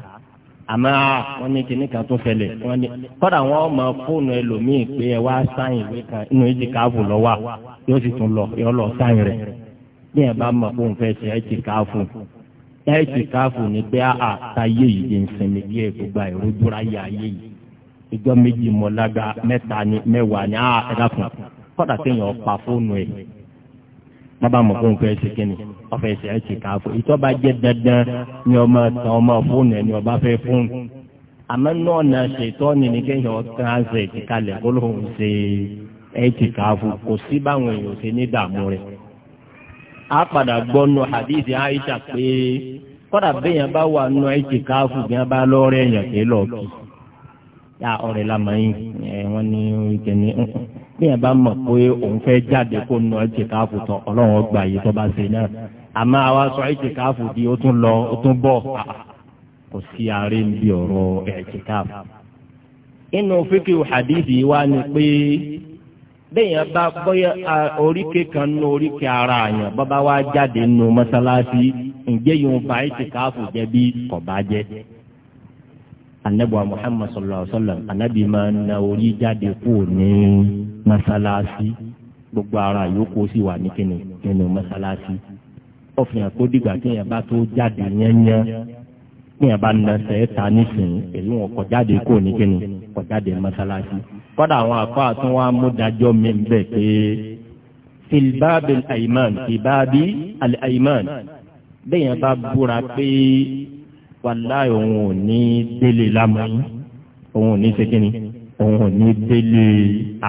àmọ́ wọ́n ní kíní kan tó fẹlẹ̀ wọ́n ní kọ́dà wọ́n mọ fóònù ẹlòmíì pé ẹ wá sáyìn ìwé kan inú ìtìkáàfù lọ́wọ́ yóò sì tún lọ yọ lọ sáyìn rẹ̀ bí ẹ bá mọ fóònù fẹ́ ṣe ìtìkáàfù ẹ̀ẹ́sì káfù ní pé àà táyé yìí di nsinmi díẹ̀ gbogbo àìrójúra yà ayé yìí ìjọ méjì mọ̀lága mẹ́ta ni mẹ́wàá ni àà ẹ̀dá fún kọ́dà kéèyàn pa fóònù ẹ̀ bàbá mọ̀ fóònù fẹ́ ṣe kíni ọ̀fẹ́ ṣe ẹ̀ẹ́sì káfù ìtọ́ba jẹ́ dandan ni ọmọ tán ọmọ fóònù ẹ̀ ni ọba fẹ́ fóònù àmọ́ náà na ṣètọ́ ni ní kéèyàn transit kalẹ̀ kó lóun ṣe ẹ̀ẹ́sì káfù kò sí báwọn èèyàn ṣe ní dààmú rẹ̀ a padà gbọ́nu hadith Aisha pé kọ́dà bẹ́yàn bá wà nù ẹ̀jẹ̀ káfù bí wọ́n bá lọ́ọ́rẹ́ èèyàn pé lọ́ọ̀kì ya ọ̀rẹ́ la mọ̀ yín ẹ̀ wọ́n ní ìkẹ́ni bẹ́yàn bá mọ̀ pé òun fẹ́ jáde kó nù ẹ̀jẹ̀ káfù tán ọlọ́run ọgbà yìí tó bá ṣe náà àmọ́ àwa sọ ẹ̀jẹ̀ káfù di ó tún lọ ó tún bọ̀ kò sí ààrẹ níbi ọ̀rọ̀ ẹ̀jẹ̀ káfù. inú fíkì bẹ́ẹ̀yàn bá bọ́yá oríkè kan nínú oríkè ara àyàn bàbá wa jáde nínú mọ́sálásí ǹjẹ́ yóò bá ètò káfù jẹ́ bí kò bá jẹ́. anabi muhammad sallallahu alaihi wa sallam anabi máa ń na orí jáde kú ní mọ́sálásí gbogbo ara yòókù sì wà ní kíni nínú mọ́sálásí. ọ̀fìn àpò dìgbà kéèyàn bá tó jáde yányán kéèyàn bá na sẹ́ẹ̀ta nísìnyí èyí wọn kọ̀ jáde kú ní kíni kọ̀ jáde mọ́sálásí kọ́dà àwọn àfáà tún wá mú dájọ́ mi ń bẹ̀ pé filbabil aiman fibabi al aiman bẹ́ẹ̀ yẹn bá búra pé wàláì òun ò ní délé lámọ́yìn òun ò ní sékìní òun ò ní délé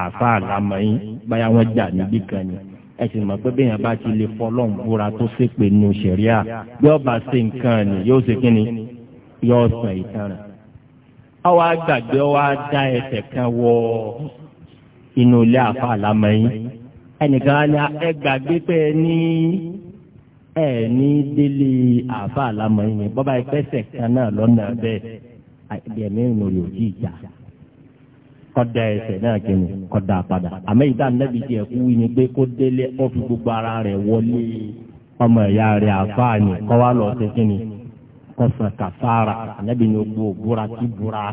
àfáà lámọ́yìn báyà wọ́n jà níbí kan ni ẹ mọ̀ pé bẹ́ẹ̀ yẹn bá ti lè fọlọ́n búra tó ṣépè nu sẹ̀ríà bí ọba ṣe nǹkan ni yóò sékìní yóò sàn ìtàn rẹ̀ àwa gbàgbé wa dá ẹsẹ̀ kan wọ inú ilé àfa àlámẹ́yìn ẹnìkan ni ẹ gbàgbé pé ẹ ní ẹ ní délé àfa àlámẹ́yìn bọ́ba ìfẹsẹ̀ kan náà lọ́nà bẹ́ẹ̀ àìdẹ̀mí ìròyìn òjì ìjà kọ́dà ẹsẹ̀ náà kìíní kọ́dà padà àmọ́ ìdá nẹ́bí jẹ́ kú ni pé kó délé ọ́fíì gbogbo ara rẹ̀ wọlé ọmọ ìyá rẹ̀ àfa ni kọ́ wa lọ sí kìíní kọsàn kàfàrà ànábì ní gbogbo búra tí búra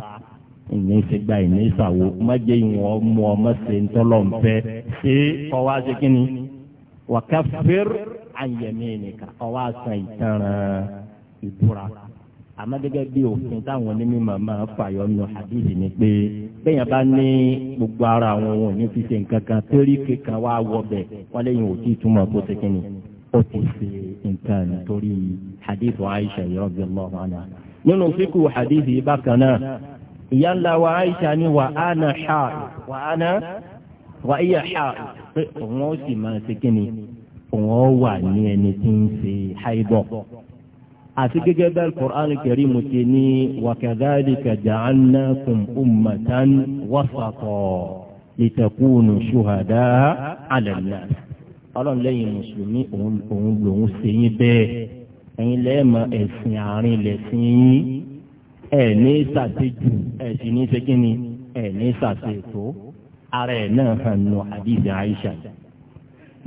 ìní ìsègbà ìní ìsàwò májè ìwọ̀n mú ọ mọ́sẹ̀ ńtọ́lọ̀ ńfẹ́ ṣé ọwọ́ àṣẹ kínní wakaffir an yaminika ọwọ́ àṣà ìtanràn ìbúra àmọ́ gẹ́gẹ́ bí òfin táwọn onímọ̀ máa fàyọ nù hadithi ni pé bẹ́yàn bá ní gbogbo ara àwọn ohun ìní fi ṣe nǹkan kan torí kékan wá wọ wọ́n lẹ́yìn òtí ìtumọ̀ kó ṣe kínní ó ti ṣe nǹkan nítorí hadithu aisha yìí radiyallahu anha. nínú fíkù hadithu yìí bákan náà ìyá ńlá wa aisha ni wà á na ṣáà wà á na wà á yẹ ṣáà pé òun ó sì máa ṣe kíni òun ó wà ní ẹni tí ń ṣe haibọ̀. àti gẹ́gẹ́ bẹ́ẹ̀ Qur'an Karim ti ní wa kadhalika ja'alnakum ummatan wasata litakunu shuhada 'ala an-nas ọlọ́run lẹ́yìn mùsùlùmí òun lòun ṣe yín bẹ́ẹ̀ ẹ̀yin lẹ́ẹ̀mọ ẹ̀sìn àárín lẹ̀sìn yín ẹ̀ ní sàtẹ́jù ẹ̀sìn ní sẹ́kínni ẹ̀ ní sàtẹ́tò ara ẹ̀ náà hàn nù àdìsí àìsàn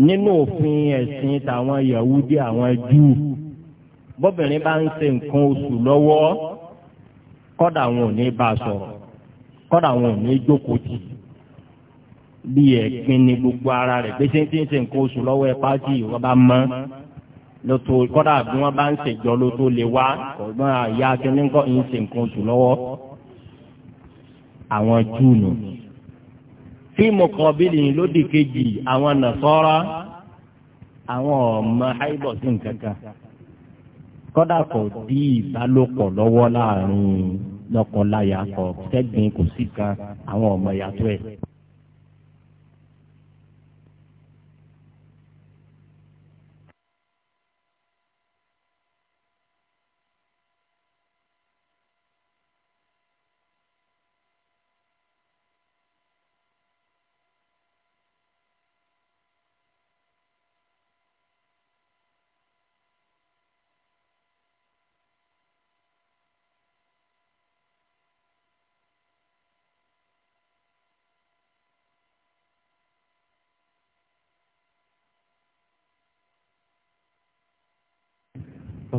nínú òfin ẹ̀sìn tàwọn yahudi àwọn júù bọ́bìnrin bá ń ṣe nǹkan oṣù lọ́wọ́ kọ́dà àwọn ò ní bá a sọ̀rọ̀ kọ́dà àwọn ò ní jókòó tì í bí ẹ̀gbin ni gbogbo ara rẹ̀ pé ṣéńtì ń ṣe nǹkan oṣù lọ́wọ́ ẹ pàtì ìwọ́n bá mọ́ lótó kọ́dà bí wọ́n bá ń ṣèjọ́ lótó lè wá ọ̀gbọ́n àyà akíní ń kọ́ ń ṣe nǹkan oṣù lọ́wọ́ àwọn júùnù. fíìmù kan bílì lódì kejì àwọn nàṣọ́rọ́ àwọn ọmọ àìbọ̀ sí nǹkan kan kọ́dà kò dí ìbálòpọ̀ lọ́wọ́ láàrin lọ́kọ̀ọ́láyà kò kò sí kan àwọn ọmọ yàtọ̀ ẹ̀.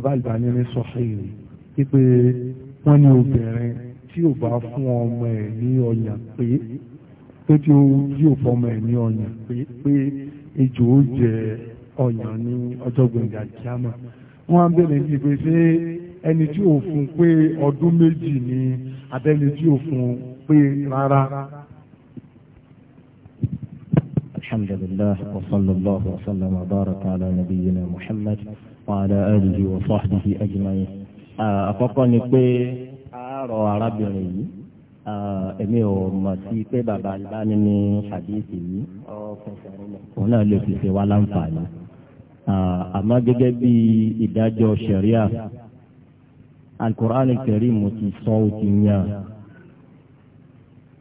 bàbá Albani ní sọ́fẹ́ rẹ̀ wọ́n ní obìnrin tí ò bá fún ọmọ ẹ̀ ní ọyàn pé pé tí ó yóò fọmọ ẹ̀ ní ọyàn pé ejò ó jẹ ọyàn ní ọjọ́ gbẹ̀ngà kíámà wọ́n á bẹ̀rẹ̀ bíi pé ṣé ẹni tí ò fún pé ọdún méjì ni abẹ́ni tí ò fún pé rárá. الحمد لله وصلى الله وسلم وبارك على نبينا محمد وعلى آله وصحبه أجمعين àkọ́kọ́ ni pé àárọ̀ arábìnrin yìí èmi ò mọ̀ sí pé bàbá Albani ní hadithi yìí òun náà lè fi ṣe wá láǹfààní àmọ́ gẹ́gẹ́ bí ìdájọ́ ṣẹ̀ríà alukur'an kẹrí mo ti sọ ó ti yàn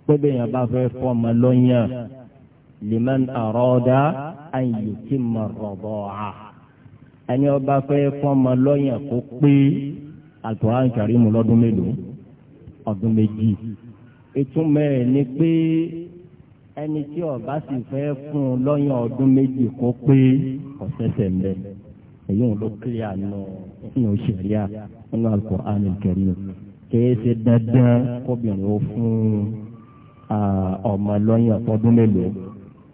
pé bẹ́ẹ̀ yẹn bá fẹ́ fọ́ọ̀mù lọ́yàn liman àrọ́dá an yutimma rọ̀bọ̀ọ́ ẹni ọba fẹ́ fọ́mọ lọ́yàn kó pé àtúwá ń kàrí mu lọ́dún mélòó ọdún méjì ìtumọ̀ ẹ̀ ni pé ẹni tí ọba sì fẹ́ fún un lọ́yàn ọdún méjì kó pé ọ̀sẹ̀sẹ̀ mbẹ́ èyí ń lọ kílíà nù nínú sẹ̀ríà nínú Al-Qur'an al kìí ṣe dandan kóbìnrin ó fún ọmọ lọ́yàn fọdún mélòó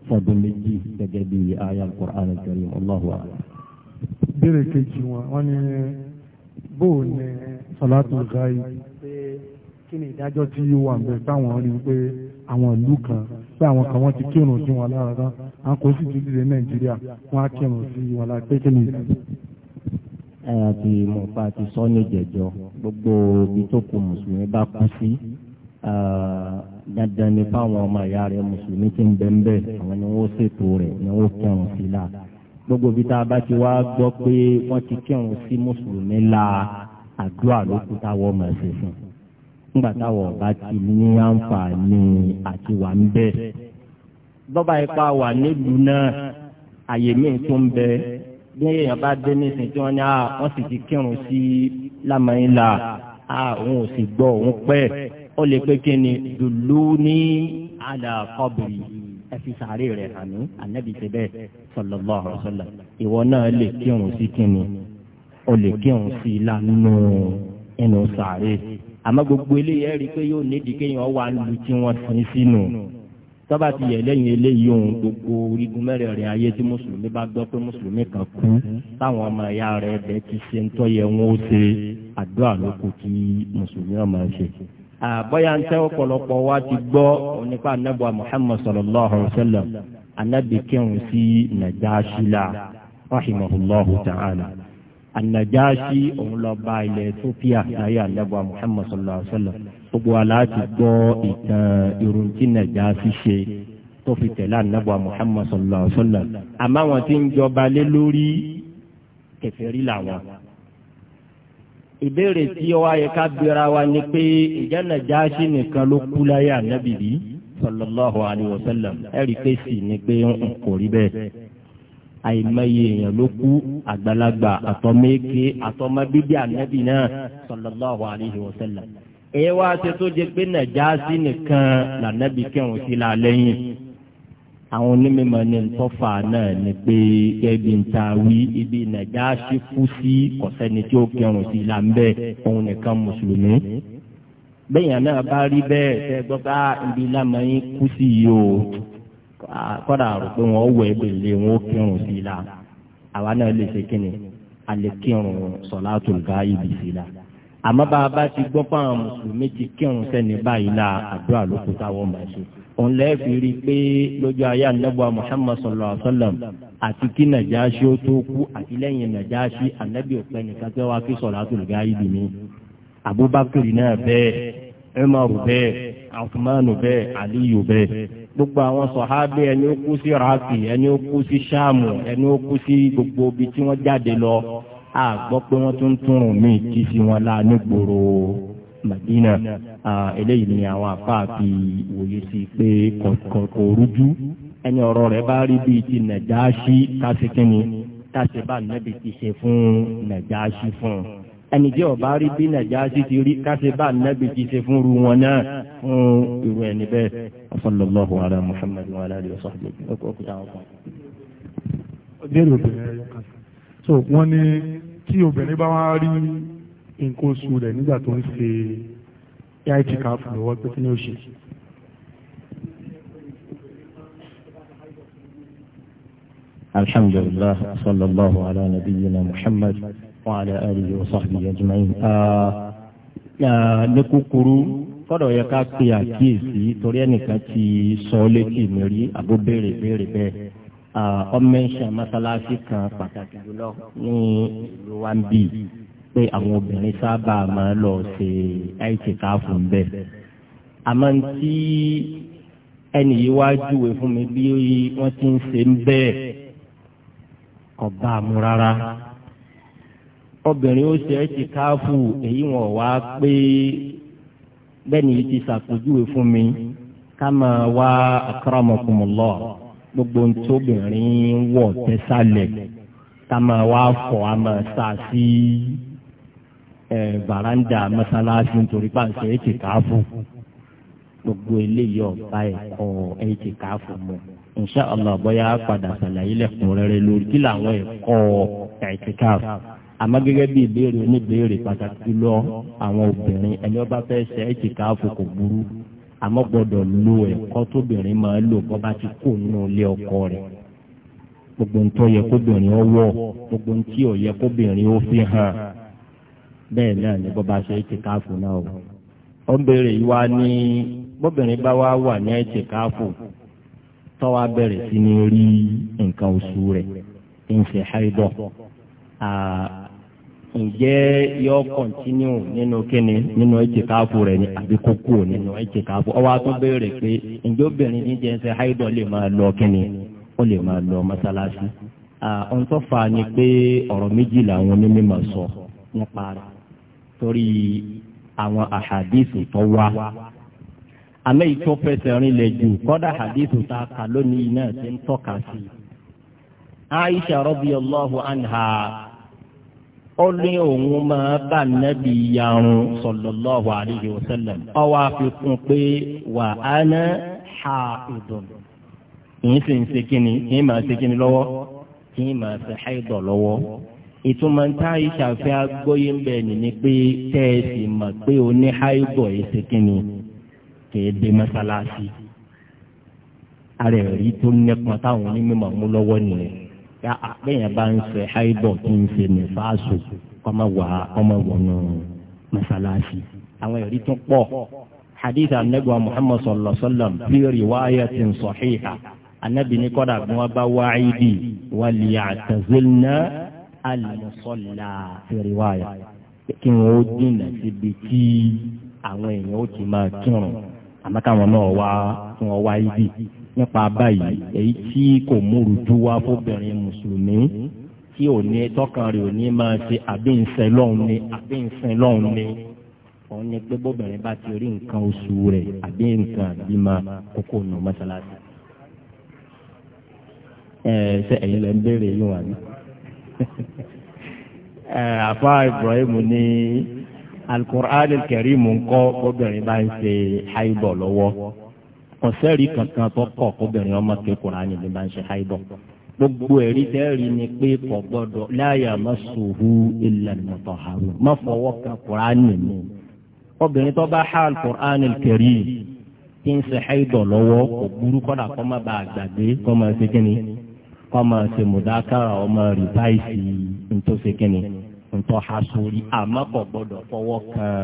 fọdún méjì gẹ́gẹ́ bí ayé Al-Qur'an Al-Karim ìbéèrè kejì wọn wọ́n ní bóò ní sọlátù gáì kí ni ìdájọ́ tí yóò wà bẹ́ẹ̀ táwọn rí pé àwọn ìlú kan pé àwọn kan wọ́n ti kírun sí wọn lára tán à ń kó sì ti dìde nàìjíríà wọ́n á kírun sí wọn lára pé kí ni ìdájọ́. ẹ àti mọ̀fà ti sọ ní ìjẹ́jọ́ gbogbo ibi tó kù mùsùlùmí bá kú sí dandan ni fáwọn ọmọ ìyá rẹ̀ mùsùlùmí ti ń bẹ́ńbẹ́ àwọn ni wọ́n ṣètò rẹ̀ ni wọ́n kírun sí lára gbogbo bí tá a bá ti wá gbọ́ pé wọ́n ti kírun sí mùsùlùmí la àdúrà ló kú táwọ̀ ọmọ ẹ̀sìn fún nígbà táwọ̀ ọba ti ní àǹfààní àti wà ń bẹ̀. bọ́bá ipa wà nílùú náà àyè míì tó ń bẹ bí èèyàn bá dé nísìnyí tí wọ́n ní à ah, wọ́n sì ti kírun sí lámàyín la à ah, òun ò sì gbọ́ òun pẹ́ ó lè pé kí ni dùlú ní àdàkọ́bìrì ẹ fi sàárè rẹ̀ hàn mí ànábì ṣe bẹ́ẹ̀ sallallahu alaihi wasallam ìwọ náà lè kírun sí kíni o lè kírun sí i lánàá inú sàárè àmọ́ gbogbo eléyìí ẹ rí i pé yóò nídìí kéèyàn wà lù tí wọ́n sin sínú tọ́ba ti yẹ lẹ́yìn eléyìí ohun gbogbo orígun mẹ́rẹ̀ẹ̀rin ayé tí mùsùlùmí bá gbọ́ pé mùsùlùmí kan kú táwọn ọmọ ẹ̀yà rẹ̀ bẹ́ẹ̀ ti ṣe ń tọ́ wọn ó ṣe àdúrà lókù tí mùsùlùmí ọmọ ẹ̀ ṣe àbọ̀yà ń tẹ́ ọ̀pọ̀lọpọ̀ wa ti gbọ́ nípa anábọ̀ Muhammad sallallahu alayhi wa sallam anábì kírun sí Najashi la rahimahullahu ta'ala anajaasi òun lọ bá ilẹ̀ Ethiopia láyé anábọ̀ Muhammad sallallahu alayhi wa sallam gbogbo aláàtì gbọ́ ìtàn irun tí Najashi ṣe tó fi tẹ̀lé anábọ̀ Muhammad sallallahu alayhi wa sallam àmọ́ àwọn tí ń jọba lé lórí kèfèrí làwọn ìbéèrè tí ó wáyé ká bíra wa ni pé ǹjẹ́ Nàjáṣì nìkan ló kú láyé ànábì rí sallallahu alayhi wa sallam ẹ̀rí pé sì ni pé ń kò rí bẹ́ẹ̀ àìmọye èèyàn ló kú àgbàlagbà àtọmẹ́kẹ́ àtọmọbíbí ànábì náà sallallahu alayhi èyí wá ṣe tó jẹ pé Nàjáṣì nìkan lànábì kẹrùn sí la lẹ́yìn àwọn onímọ̀ ní ntọ́fà náà ni pé ẹbí nta wí ibi Nàjáṣì kú sí kọ̀sẹ́ni tí ó kẹrùn sí là ń bẹ̀ òun nìkan mùsùlùmí. bẹ́yìn náà bá rí bẹ́ẹ̀ tẹ́ gbọ́ bá ah, ibi lámọ́yìn kú sí yìí o ah, kọ́dà rò pé wọ́n wọ ẹ̀bẹ̀ lé wọn ó kẹrùn sí la àwa náà lè ṣe kí ni alẹ́ kẹrùn sọ̀látùl gáìbì sí la. àmọ́ bá a bá ti gbọ́ fún àwọn mùsùlùmí ti kẹrùn sẹ́ni báyìí la àdúrà ló kó táwọn máa ṣe òun lẹ́ẹ̀fì rí i pé lójú ayé anábọ̀ muhammad sallallahu alayhi wa sallam àti kí nàjàásí ó tó kú àti lẹ́yìn nàjàásí anábì òpẹ́ nìkan tẹ́ wá kí sọ̀rọ̀ àtòlùgá ibi mi abubakar náà bẹ́ẹ̀ umaru bẹ́ẹ̀ afumanu bẹ́ẹ̀ aliyu bẹ́ẹ̀ gbogbo àwọn sọ̀hábì ẹni ó kú sí raki ẹni ó kú sí sàmù ẹni ó kú sí gbogbo ibi tí wọ́n jáde lọ àgbọ́ pé wọ́n tún túrùn míì kí sí wọn lá nígboro. Madina eléyìí ni àwọn àfáà fi wòye sí i pé kò rújú ẹni ọ̀rọ̀ rẹ̀ bá rí bíi ti Nàjáṣí kásìkínni káṣe bá nẹ́bi ti ṣe fún Nàjáṣí fún un ẹni jẹ́ ọ̀bá rí bí Nàjáṣí ti rí káṣe bá nẹ́bi ti ṣe fún irú wọn náà fún irú ẹni bẹ́ẹ̀ sallallahu ala Muhammad wa ala alihi wa sahbihi ọkọ̀ àwọn kan. ọdẹ rẹ obìnrin ẹyọ kan so wọn ní tí obìnrin bá wá rí nǹkan oṣù rẹ̀ nígbà tó ń ṣe it cap lọ́wọ́ pé kí ni ó ṣe. alhamdulillah sallallahu ala nabiyyina muhammad wa ala alihi wa sahbihi ajma'in. Ah, ah, ní kúkúrú fọ́dọ̀ yẹ ká pe àkíyèsí torí ẹnìkan ti sọ létí mi rí àbó béèrè béèrè bẹ́ẹ̀ ọmọ ah, ẹ̀ṣẹ̀ mọ́sálásí kan pàtàkì jùlọ ní ìlú wa ń bì pé àwọn obìnrin sábà máa lọ ṣe àìsíkáàfù ń bẹ. àmọ́ tí ẹnì yìí wá júwe fún mi bí wọ́n ti ń ṣe bẹ́ẹ̀ kò bá mu rárá. obìnrin ó ṣe àìsíkáàfù èyí wọn wá pé bẹ́ẹ̀ ni ti ṣàpèjúwe fún mi ká máa wá akramakumullah gbogbo ntòbìnrin wọ̀ tẹ́sálẹ̀ ká máa wá fọ̀ á máa sá sí i bàrándà mọ́sálásí nítorí pàṣẹ ètì káfù gbogbo eléyìí ọba ẹ̀kọ́ ètì káfù mọ́ insha allah bóyá padà sàlàyé lẹ́kùnrẹ́rẹ́ lórí kí làwọn ẹ̀kọ́ ètì káfù àmọ́ gẹ́gẹ́ bí ìbéèrè oníbéèrè pàtàkì lọ àwọn obìnrin ẹni ọba fẹ́ ṣe ètì káfù kò burú àmọ́ gbọ́dọ̀ lo ẹ̀kọ́ tóbìnrin máa lò bọ́ bá ti kó nínú ilé ọkọ rẹ̀ gbogbo ntọ́ yẹ kóbìnrin ọwọ́ gbogbo ntí ò yẹ kóbìnrin ó fi hàn bẹ́ẹ̀ náà ni bọ́ba ṣe é ti káfù náà o. ó béèrè yìí wá ní bóbìnrin bá wá wà ní ẹ̀ ti káfù tọ́wá bẹ̀rẹ̀ sí ní rí nǹkan oṣù rẹ̀ ń ṣe ǹjẹ́ yọ kọ̀ntínú nínú kíni nínú ẹ̀ ti káfù rẹ̀ ni àbí kókó nínú ẹ̀ ti káfù. ó wá tún béèrè pé ǹjẹ́ obìnrin ní jẹ́ ń ṣe lè máa lọ kíni ó lè máa lọ mọ́sálásí. ọ̀n tó sọ torí àwọn àhàdíìsì tó wá àmọ́ ìtọ́ fẹsẹ̀ rinlẹ̀ jù kọ́dà àhàdíìsì tá a kà lónìí náà ti ń tọ́ka sí i. Aisha radiyallahu anha ó ní òun máa bá nàbí yarun sallallahu alayhi wa sallam ó wá fi kún pé wa ana haidun kì sì ń ṣe kíni kì í máa ṣe kíni lọ́wọ́ kì í máa ṣe haidọ̀ lọ́wọ́ ìtumọ̀ tá a ṣàfẹ́ agbóyè ń bẹ̀ ni pé tẹ́ ẹ sì mọ̀ pé o ní háìbọ̀ èsì kìíní kìí dé mọ́sálásí. ara ẹ̀rí tó nípa táwọn onímọ̀ mú lọ́wọ́ nìyẹn yá àpéyàn bá ń fẹ́ háìbọ̀ kí n ṣe nífàásù kọ́mọ wà ọmọ wọnú mọ́sálásí. àwọn ẹ̀rí tó pọ̀ hadith anabi muhammad sallallahu alaihi wa sallam fi riwayatin sahiha anabi ní kọ́dà bí wọ́n bá wáyé di wàlíyà tazilna alùsọ̀là fèrèwáyà kí wọ́n ó dènà síbi tí àwọn èèyàn ó ti máa kírun àmọ́ káwọn náà wá kí wọ́n wá ibi nípa báyìí èyí tí kò múru tú wá fóbìnrin mùsùlùmí tí ò ní tọkàn rẹ̀ ò ní máa ṣe àbí ńsẹ̀ lọ́hùn ni àbí ńsẹ̀ lọ́hùn ni òun ni pé bóbìnrin bá ti rí nǹkan oṣù rẹ̀ àbí nǹkan àbímọ kókó nù mọ́ṣáláṣí. ẹ ṣe ẹ̀yin lẹ ń béèrè yín wà ní. Eh, àfa Ibrahim ní alukur'an kẹrìmù ńkọ́ obìnrin bá ń ṣe haibọ̀ lọ́wọ́ kọ̀sẹ́rì kankan tó kọ̀ obìnrin ọmọ kékeré àná bá ń ṣe haibọ̀ gbogbo ẹ̀rí tẹ́rì ni pé kò gbọ́dọ̀ láyà má sòhú ilẹ̀ àrùn má fọwọ́ kan kùránì mi. obìnrin tó bá há kùránì kẹrì kí n ṣe haidọ̀ lọ́wọ́ kò burú kọ́dà kọ́ má bàa gbàgbé kọ́ máa ṣe kíni kọ́mọ ṣe mùdákàrà ọmọ rìváìsì ntòsíkìnì ntọ́ha sórí àmọ́ kò gbọ́dọ̀ fọwọ́ kan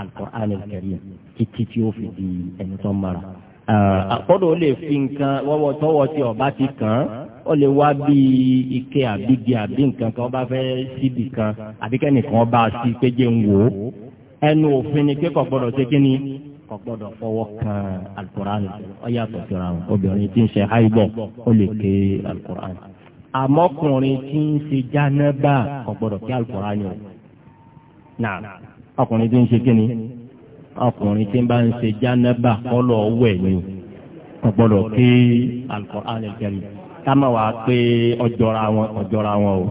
alukur'an kẹrin títí tí ó fi di ẹni tó mara. àkọ́dọ̀ ó lè fi nǹkan wọ́wọ́ tọ́wọ́ tí ọba ti kàn án ó lè wá bí ike àbígi àbí nǹkan kan ọba fẹ́ síbi kan àbíkẹ́nìkan ọba sí péjé ń wò ó ẹnu òfin ni pé gbọ́dọ̀ ṣe kí kò gbọ́dọ̀ fọwọ́ kan alukur'an ó yàtọ̀ síra wọn obìnrin tí ń ṣe haibọ̀ ó lè ké alukur'an àmọ́kùnrin tí ń ṣe jánábà kò ké alukur'an o náà ọkùnrin tí ń ṣe kíni ọkùnrin tí ń bá ń ṣe jánábà kọ́lọ̀ wẹ̀ ni kò gbọ́dọ̀ ké alukur'an kẹrin ká má wàá pé ọjọ́ra wọn ọjọ́ra wọn o.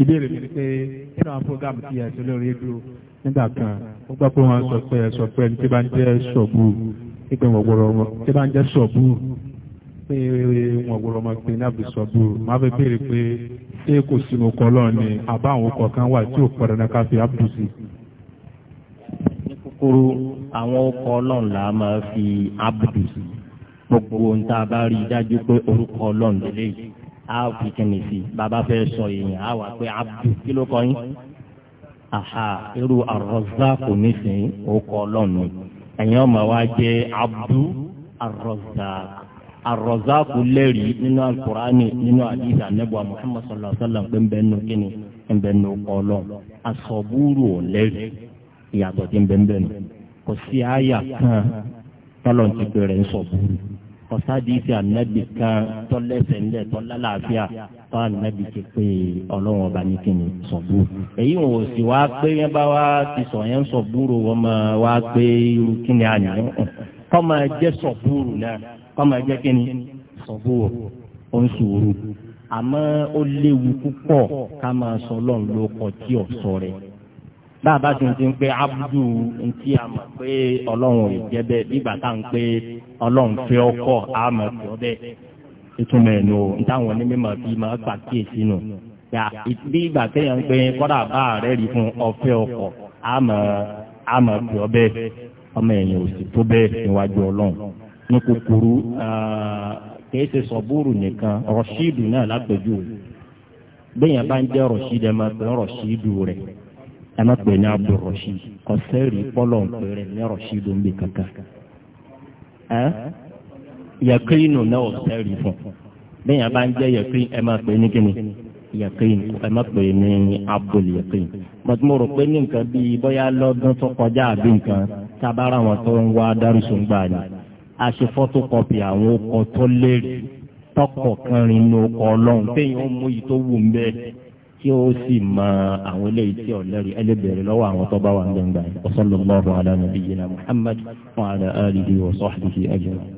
ìbéèrè mi ni pé nínú àwọn fúrógámù tí ẹ̀sùn lórí rédíò nígbà kan ó gbọ́ pé wọ́n sọ pé ẹ̀sọ̀ pé ẹni tí bá ń jẹ́ ṣọ̀bù pípẹ́ wọ̀gbọ̀rọ̀ wọn tí bá ń jẹ́ ṣọ̀bù pé wọ̀gbọ̀rọ̀ ọmọ pé náà fi ṣọ̀bù máa fẹ́ béèrè pé ṣé kò sínú kọ́ lọ́ọ̀ ni àbá àwọn ọkọ̀ kan wà tí ò pọ̀ dandan ká fi ábùdù sí. ní kúkúrú àwọn ọkọ̀ ọlọ́run là á máa fi ábùdù sí gbogbo ohun tá a bá rí dájú pé orúkọ ọlọ́run lélẹ́yìí a fi kìnnì sí bàbá fẹ́ sọ èèyàn a wà pé abdu kí ló kọ́ yín aha irú arọ́záàkù nísìnyí ó kọ́ ọlọ́nu ẹ̀yin ọmọ wa jẹ́ abdu arọ́záàkù arọ́záàkù lẹ́rìí nínú alukur'ani nínú àdìsí anábọ̀ muhammad sallallahu alayhi wa sallam pé ń bẹ́ẹ̀ nù kíni ń bẹ́ẹ̀ nù kọ́ ọlọ́n asọ̀búrú ò lẹ́rìí ìyàtọ̀ tí ń bẹ́ẹ̀ nù kò sí àyà kan tọ́lọ̀ ti pèrè ń sọ̀búrú ọ̀sádìísì ànábì kan tọ́lẹ́sẹ̀ ńlẹ̀ tọ́lálàáfíà tó ànábì ti pé ọlọ́run ọba ní kíni sọ̀bù. èyí wọn ò sì wá pé yẹn bá wá ti sọ̀ yẹn sọ̀bùrù wọn máa wá pé irú kíni àná kọ́ máa jẹ́ sọ̀bùrù náà kọ́ máa jẹ́ kíni sọ̀bùrù ó ń sùúrù. àmọ́ ó léwu púpọ̀ ká máa sọ ọlọ́run ló kọ tí ò sọ rẹ̀ bá a bá ti ń pé abudu ntí a mọ̀ pé ọlọ́run ò jẹ́ bẹ́ẹ̀ bí bàtà ń pé ọlọ́run fẹ́ ọkọ̀ àmọ́ tó bẹ́ẹ̀ ìtumọ̀ ẹ̀ nù táwọn onímọ̀ fi máa pàkíyèsí nù. bí ìgbà téèyàn ń pe kọ́dà bá rẹ̀ rí fún ọfẹ́ ọkọ̀ àmọ́ àmọ́ tó bẹ́ẹ̀ ọmọ ẹ̀yìn òsì tó bẹ́ẹ̀ níwájú ọlọ́run. ní kúkúrú kìí ṣe sọ̀búrù nìkan rọ̀ṣídù náà lápẹ̀jù gbẹ̀yìn bá ń jẹ́ rọ̀ṣídù ẹ̀ máa pẹ́ rọ̀ṣídù rẹ̀ ẹ̀ máa pẹ́ ní abdulrọ̀ṣídù kọ́sẹ́rì pọ́lọ̀ ń pẹ́ rẹ̀ ní rọ̀ṣídù ń bè kankan yẹkirinu náà ò sẹ́rì fún bẹ́ẹ̀ yẹn bá ń jẹ́ yẹkirin ẹ máa pè é ní kíni yẹkirin ẹ máa pè ní abdul yẹkirin mọ̀tí mo rò pé ní nǹkan bíi bóyá lọ́dún tó kọjá àbí nǹkan tábára wọn tó ń wá dárúsùn gbà ní a ṣe fọ́tòkọ́pì àwọn ọkọ̀ tó lérè tọkọ̀ kan rìn ní ọkọ̀ ọlọ́run téèyàn ó mú yìí tó wù ń bẹ́ẹ̀ tí ó sì mọ àwọn eléyìí tí ọ̀lẹ́rìí ẹlẹ́bẹ̀rẹ̀ lọ́wọ́ àwọn tó bá wà ń gbẹ̀ngbà yìí. wa sallallahu ala nabiyyina Muhammad wa ala alihi wa sahbihi ajma'in.